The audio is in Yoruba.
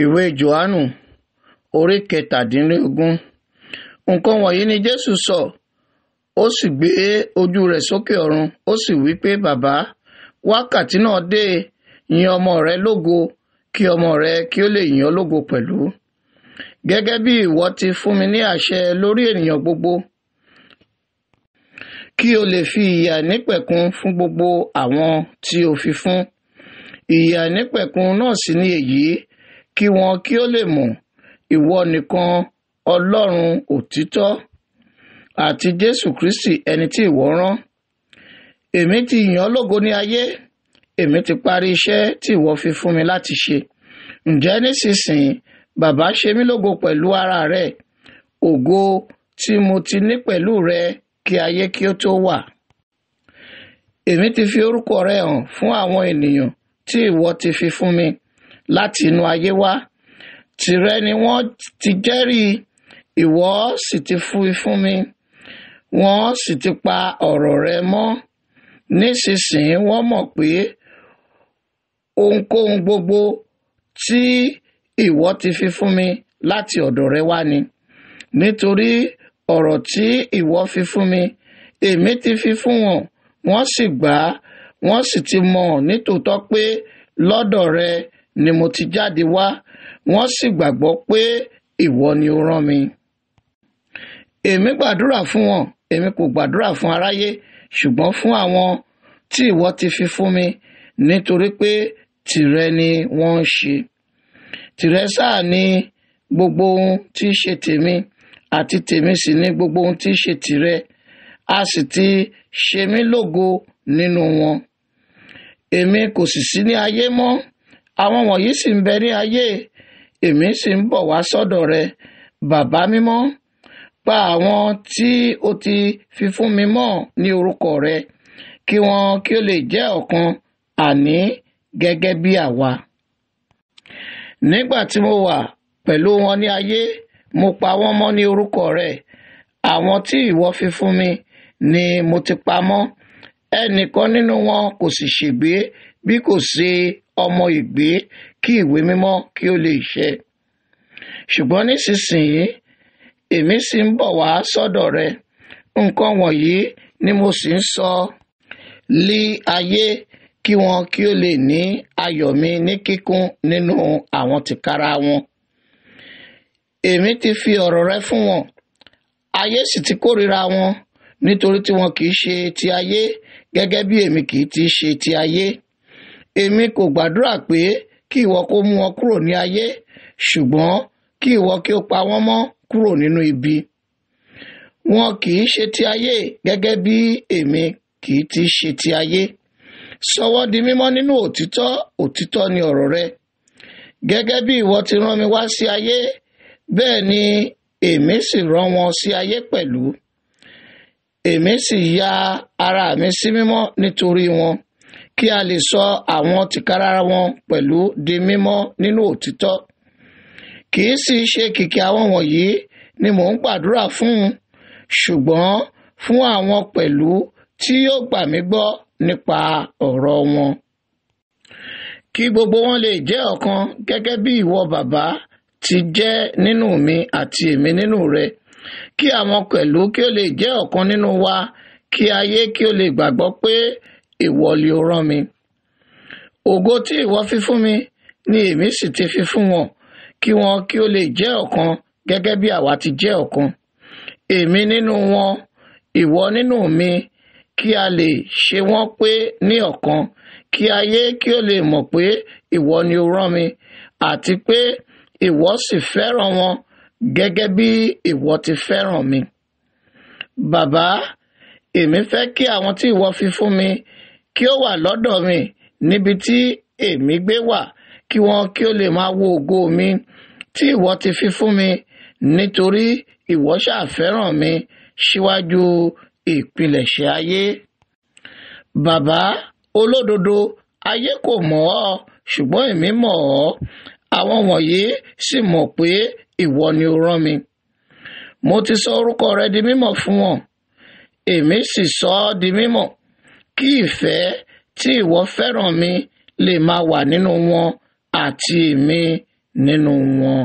ìwé johannu orí kẹtàdínlógún nǹkan wọ̀nyí ni jésù sọ ó sì gbé ojú rẹ̀ sókè ọ̀run ó sì wí pé bàbá wákàtí náà dé yin ọmọ rẹ lógo kí ọmọ rẹ kí ó lè yin ọ́ lógo pẹ̀lú gẹ́gẹ́ bí ìwọ ti fún mi ní àṣẹ lórí ènìyàn gbogbo kí o lè fi ìyà nípẹ̀kun fún gbogbo àwọn tí o fi fún ìyà nípẹ̀kun náà sì ni èyí kí wọn kí ó lè mọ̀ ìwọ nìkan Ọlọ́run òtítọ́ àti Jésù Kristi ẹni tí ìwọ rán èmi ti yàn ọ́ lógo ní ayé èmi ti parí iṣẹ́ tí ìwọ fi fún mi láti ṣe ǹjẹ́ nísinsìnyí bàbá ṣe mí lógo pẹ̀lú ara rẹ̀ ògo tí mo ti ní pẹ̀lú rẹ kí ayé kí ó tó wà. èmi ti fi orúkọ rẹ hàn fún àwọn ènìyàn tí ìwọ ti fi fún mi láti inú ayé wá tìrẹ ni wọ́n ti jẹ́rìí ìwọ sì ti fún fún mi wọ́n sì ti pa ọ̀rọ̀ rẹ mọ́ nísinsìnyí wọ́n mọ̀ pé ohunkóhun gbogbo tí ìwọ ti fi fún mi láti ọ̀dọ̀ rẹ wá ni nítorí ọ̀rọ̀ tí ìwọ fi fún mi èmi ti fi fún wọn wọ́n sì gbà á wọ́n sì ti mọ̀ nítòótọ́ pé lọ́dọ̀ rẹ ni mo ti jáde wá wọ́n sì gbàgbọ́ pé ìwọ ni o rán mi. èmi gbàdúrà fún wọn èmi kò gbàdúrà fún aráyé ṣùgbọ́n fún àwọn tí ìwọ ti fi fún mi nítorí pé tìrẹ ni wọ́n ń ṣe. tìrẹ sáà ni gbogbo ohun tí í ṣe tèmi àti tèmi sì ni gbogbo ohun tí í ṣe tìrẹ a sì ti ṣe mí lógo nínú wọn. èmi kò sì sí ní ayé mọ́ àwọn wọ̀nyí sì ń bẹ ní ayé èmi sì ń bọ̀ wá sọ́dọ̀ rẹ bàbá mímọ́ pa àwọn tí o ti fi fún mi mọ́ ní orúkọ rẹ kí wọn kí ó lè jẹ́ ọ̀kan àní gẹ́gẹ́ bí àwa. nígbà tí mo wà pẹ̀lú wọn ní ayé mo pa wọ́n mọ́ ní orúkọ rẹ àwọn tí ìwọ fi fún mi ni mo ti pa mọ́ ẹnìkan nínú wọn kò sì ṣègbé bí kò ṣe ọmọ ìgbé kí ìwé mímọ́ kí ó lè ṣẹ. ṣùgbọ́n nísinsìnyí èmi sì ń bọ̀ wá sọ́dọ̀ rẹ nǹkan wọ̀nyí ni mo sì ń sọ lí ayé kí wọn kí ó lè ní ayọ̀ mi ní kíkún nínú àwọn tìkára wọn. èmi ti fi ọ̀rọ̀ rẹ fún wọn ayé sì ti kórìíra wọn nítorí tí wọn kì í ṣe ti ayé gẹ́gẹ́ bí èmi kì í ti ṣe ti ayé èmi kò gbàdúrà pé kí ìwọ kó mú wọn kúrò ní ayé ṣùgbọ́n kí ìwọ kí ó pa wọ́n mọ́ kúrò nínú ibi. Wọn kì í ṣe ti ayé gẹ́gẹ́ bí èmi kì í ti ṣe ti ayé. Sọ wọ́n di mímọ́ nínú òtítọ́ òtítọ́ ni ọ̀rọ̀ rẹ. Gẹ́gẹ́ bí ìwọ ti rán mi wá sí ayé bẹ́ẹ̀ ni èmi sì rán wọn sí ayé pẹ̀lú. Èmi sì ya ara mi sí mímọ́ nítorí wọn kí a lè sọ àwọn tìkára wọn pẹ̀lú di mímọ́ nínú òtítọ́ kì í sì ṣe kìkì àwọn wọ̀nyí ni mò ń gbàdúrà fún ṣùgbọ́n fún àwọn pẹ̀lú tí yóò gbà mí gbọ́ nípa ọ̀rọ̀ wọn. kí gbogbo wọn lè jẹ́ ọ̀kan gẹ́gẹ́ bí ìwọ bàbá ti jẹ́ nínú mi àti èmi nínú rẹ kí àwọn pẹ̀lú kí ó lè jẹ́ ọ̀kan nínú wa kí ayé kí ó lè gbàgbọ́ pé ìwọ li ó rán mi. ògo tí ìwọ fi fún mi ni èmi sì ti fi fún wọn kí wọn kí ó lè jẹ́ ọ̀kan gẹ́gẹ́ bí àwa ti jẹ́ ọ̀kan. èmi nínú wọn ìwọ nínú mi kí a lè ṣe wọ́n pé ní ọ̀kan kí ayé kí ó lè mọ̀ pé ìwọ ni ó rán mi àti pé ìwọ sì fẹ́ràn wọn gẹ́gẹ́ bí ìwọ ti fẹ́ràn mi. bàbá èmi fẹ́ kí àwọn tí ìwọ fi fún mi kí ó wà lọ́dọ̀ mi níbi tí èmi gbé wà kí wọn kí ó lè máa wo ògo mi tí ìwọ ti fi fún mi nítorí ìwọ ṣàfẹ́ràn mi síwájú ìpilẹ̀ṣẹ̀ ayé. Bàbá olódodo ayé kò mọ̀ ọ́ ṣùgbọ́n èmi mọ̀ ọ́ àwọn wọ̀nyí sì mọ̀ pé ìwọ ni o rán mi. Mo ti sọ orúkọ rẹ di mímọ̀ fún wọn èmi sì sọ ọ́ di mímọ̀ kí ìfẹ́ tí ìwọ fẹ́ràn mi lè máa wà nínú wọn àti èmi nínú wọn.